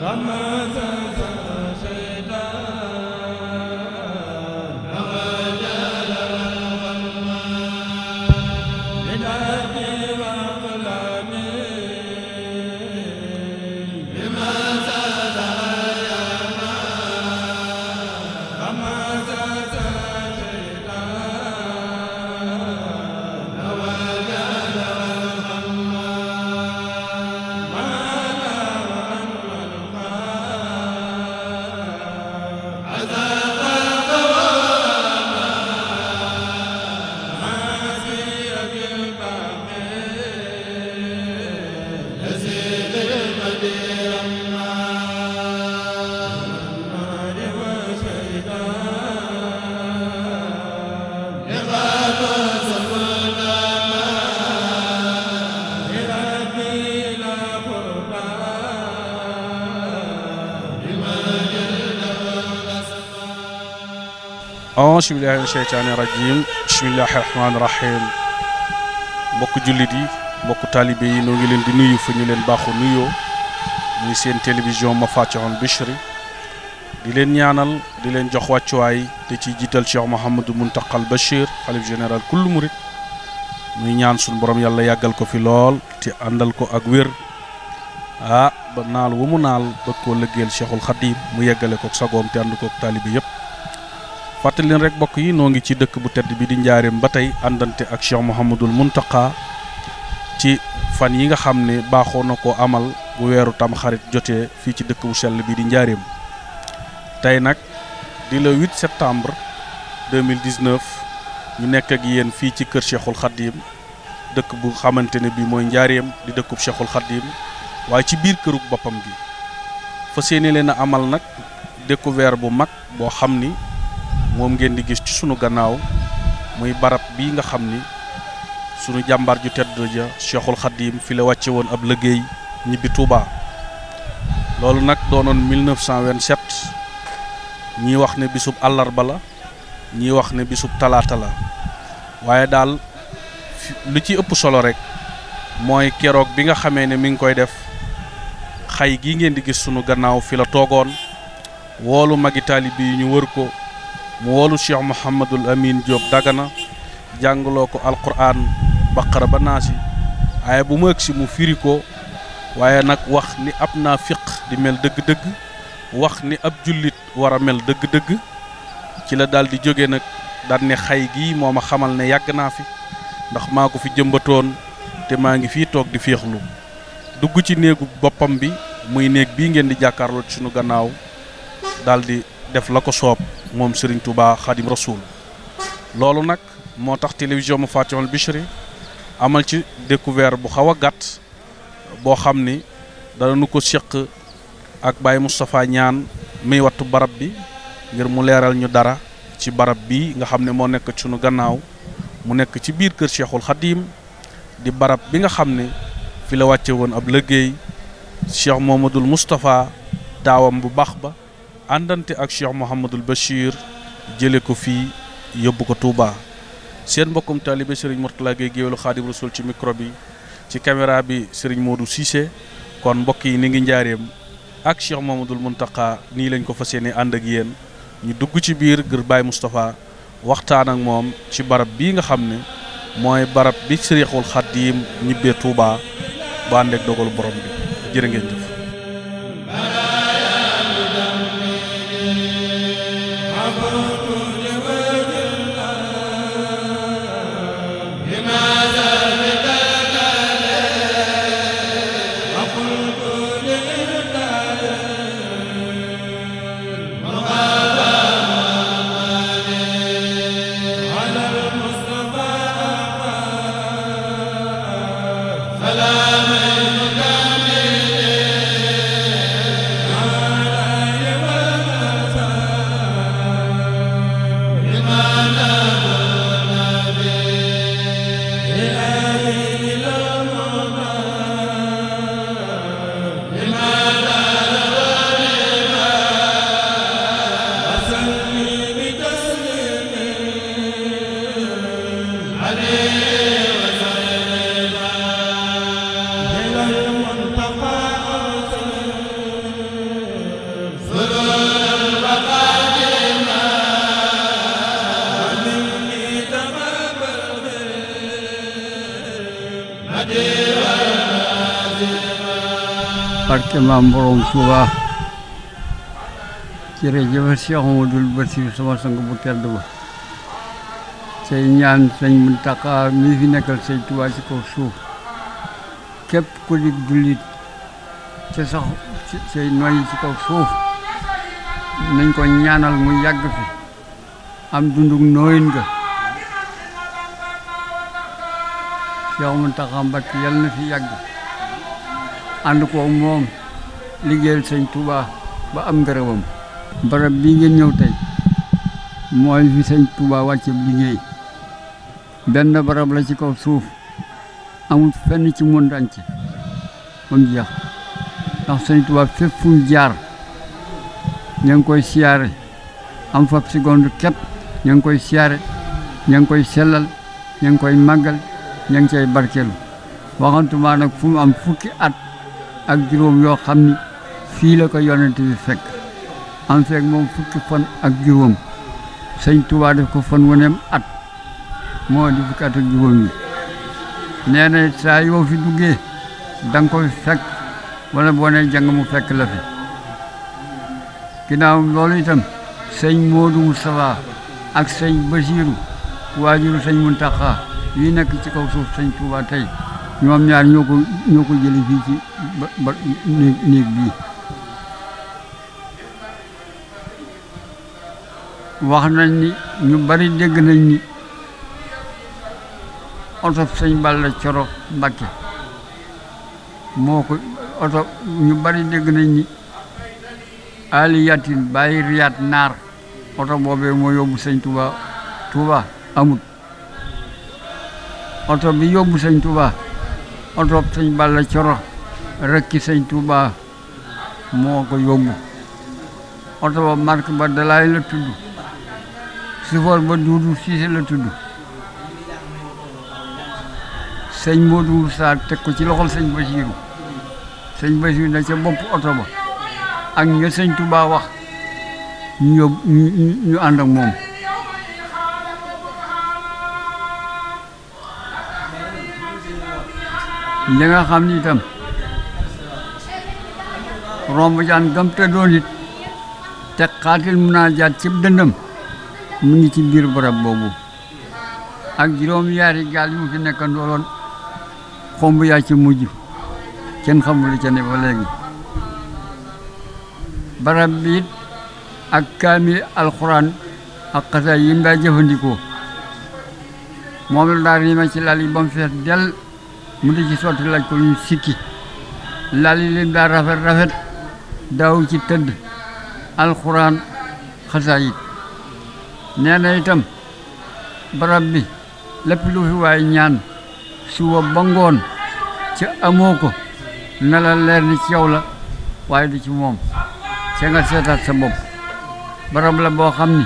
dama auzu billaahi mina sheytaani rajiim bismillaahi rahmaani rahiim mbokk jullit yi mbokk taalibe yi noo leen di nuyu fu ñu leen baaxu nuyoo muy seen télévision Mafatihul Bichri di leen ñaanal di leen jox wàccuwaay te ci jiital Cheikh Mouhamadou Mountakal Bachir xalif général kullu murit muy ñaan suñu borom yàlla yàggal ko fi lool te àndal ko ak wér ah ba naal wu mu naal bëgg koo lëggeel Cheikhul Xadim mu yeggale ko sagoom te ànd ko taalibe yëpp fàttali leen rek mbokk yi noo ngi ci dëkk bu tedd bi di njaareem ba tey àndante ak Cheikh Mouhamadul Mountakha ci fan yi nga xam ne baaxoo na ko amal bu weeru tamxarit xarit jotee fii ci dëkk bu sell bi di njaareem tey nag di le 8 septembre 2019 ñu nekk ak yéen fii ci kër Cheikhul Khadim dëkk bu xamante ne bii mooy njaareem di dëkku Cheikhul Khadim waaye ci biir kërug boppam gi fa yéene leen a amal nag dëkku découvert bu mag boo xam ni. moom ngeen di gis ci sunu gannaaw muy barab bi nga xam ni sunu jàmbaar ju tedd ja Cheikhul Khadim fi la wàcce woon ab liggéey ñibbi Touba loolu nag doonoon 1927 ñii wax ne bisub àllarba la ñii wax ne bisub talaata la waaye daal lu ci ëpp solo rek mooy keroog bi nga xamee ne mi ngi koy def xay gii ngeen di gis sunu gannaaw fi la toogoon woolu magi taalibe yi ñu wër ko mu woolu Cheikh Mouhamadul Amin Diop Dagana jàngaloo ko alquran baqara ba naasi waaye bu mu ëgsi mu firi ko waaye nag wax ni ab naa fiq di mel dëgg-dëgg wax ni ab jullit war a mel dëgg-dëgg ci la daldi jóge nag daan ne xay gii moo ma xamal ne yàgg naa fi ndax maa ko fi jëmbatoon te maa ngi fi toog di féexlu dugg ci néegu boppam bi muy néeg bii ngeen di jàkkaarloo ci sunu gannaaw daldi def la ko soob moom Serigne Touba Khadim Rasoul loolu nag moo tax télévision mu Fatihul Bichri amal ci découvert bu xaw a gàtt boo xam ni nu ko seq ak Baye Moustapha ñaan miy wattu barab bi ngir mu leeral ñu dara ci barab bi nga xam ne moo nekk sunu gannaaw mu nekk ci biir kër Cheikhul Khadim di barab bi nga xam ne fi la wàcce woon ab liggéey Cheikh Momadul Moustapha taawam bu baax ba àndante ak Cheikh Mouhamadul Bachir jële ko fii yóbbu ko tuuba seen mbokkum taalibe Serigne Mourtala Gueye géwélu Xaadim Rasul ci micro bi ci caméra bi Serigne moodu Cissé kon mbokk yi ni ngi njaareem ak Cheikh Mouhamadul Mountakha nii lañ ko fa yéene ànd ak yéen ñu dugg ci biir gër Baye Moustapha waxtaan ak moom ci barab bii nga xam ne mooy barab bi Serigne Xaadim ñibbee Touba ba ànd ak dogalu borom bi jërë ngeen jëf la département Borom Touba jërëjëf Cheikh Amadou Bassir sama sang bu tedd ba say ñaan sëñ Muntaxa mi fi nekkal sëñ ci kaw suuf képp ku di jullit ca ci kaw suuf nañ ko ñaanal mu yàgg fi am dundug nooyin nga Cheikh Muntaxa Mbakke yal na fi yàgg ànd ko moom liggéeyal sëñ Touba ba am ngërëmam barab bii ngeen ñëw tey mooy fi sëñ Touba wàcce liggéey benn barab la ci kaw suuf am fenn ci mën dañ ci ba mu jeex ndax sëñ Touba fépp fu mu jaar ña ngi koy siyaare am fab seconde képp ña ngi koy siyaare ña ngi koy sellal ña ngi koy màggal ña ngi cay barkeelu waxantuma nag fu am fukki at ak juróom yoo xam ni fii la ko yonent bi fekk am feeg moom fukki fan ak juróom sëñ Tuubaa def ko fan waneem at moo di fukki at ak juróom yi nee na saa yoo fi duggee dang nga ko fekk wala boo nee mu fekk la fi ginnaaw loolu itam sëñ Moodu Moustapha ak sëñ Basiiru waajuru sëñ Muntaxa yi nekk ci kaw suuf sëñ Tuubaa tey ñoom ñaar ñoo ko ñoo ko jëli fii ci ba ba néeg bii wax nañ ni ñu bari dégg nañ ni oto sëñ Balla Coro Mbàkke moo ko ñu bari dégg nañ ni aliyatin bàyyi riyaat naar oto boobee moo yóbbu sëñ Tuuba Tuuba amut oto bi yóbbu sëñ Tuuba oto sëñ Balla Coro rakki sëñ Touba moo ko yóbbu oto ba marque ba dalaay la tudd sufoor ba duudu siise la tudd sëñ Modou Moussa teg ko ci loxol sëñ Basiiru sëñ Basiiru na ca bopp oto ba ak nga sëñ Touba wax ñu ñu ànd ak moom li nga xam ni itam romb jaan gam te doon it te xaatil munaajaat cib dëndam mu ngi ci biir barab boobu ak juróom-ñaari gaal yi mu fi nekk ndooloon xomb yaa ci mujj kenn xamul li ca ne ba léegi barab bi ak kaamil alxuraan ak xasaay yi mu daa jëfandikoo moom la daa riima ci lal yi ba mu fees dell mu di ci sotti laaj ko ñu sikki lal yi lim daa rafet rafet daawuñ ci tëdd alxuraan xasaayit nee itam barab bi lépp lu fi waay ñaan suba ba ngoon ca amoo ko na leer ni ci yow la waaye du ci moom ca nga seetaat sa bopp barab la boo xam ni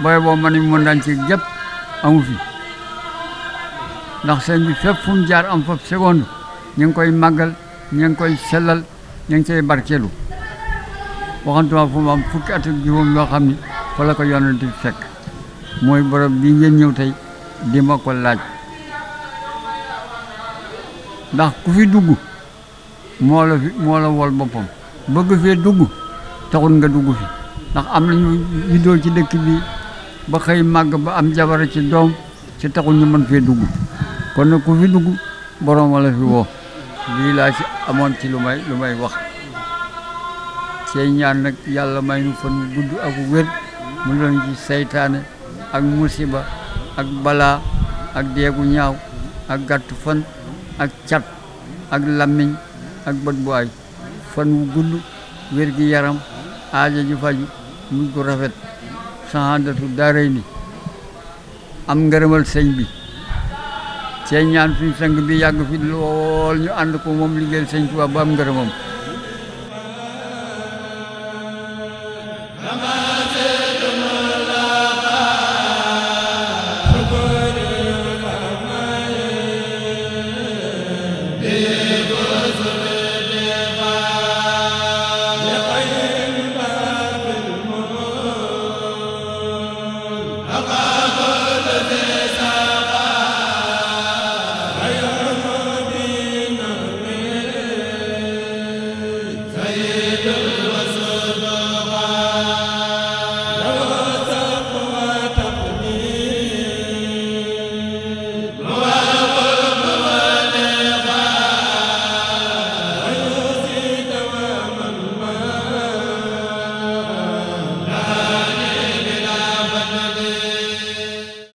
booy boo ma ni mun daan ci jëpp amu fi ndax sëñ bi fépp fu jaar am foofu seconde ñu ngi koy màggal ñu ngi koy sellal ñu ngi koy barkeelu waxantuma fu mu am fukki at ak juróom yoo xam ni fa la ko yonent bi fekk mooy borom bi ngeen ñëw tey di ma ko laaj ndax ku fi dugg moo la fi moo la wol boppam bëgg fee dugg taxul nga dugg fi ndax am na ñu juddoo ci dëkk bi ba xëy màgg ba am jabara ci doom ci taxul ñu mën fee dugg kon na ku fi dugg borom wala fi woo lii laa ci amoon ci lu may lu may wax say ñaan nag yàlla may nu fan gudd ak wér mu doon ci seytaane ak musiba ak balaa ak deegu ñaaw ak gàtt fan ak cat ak lammiñ ak bët bu ay fan wu gudd wér gi yaram aaja ji faju mu ko rafet sahandatu daaray ni am ngërëmal sëñ bi cee ñaan suñ sang bi yàgg fi lool ñu ànd ko moom liggéeyal sëñ Tuubaa ba am ngërëmam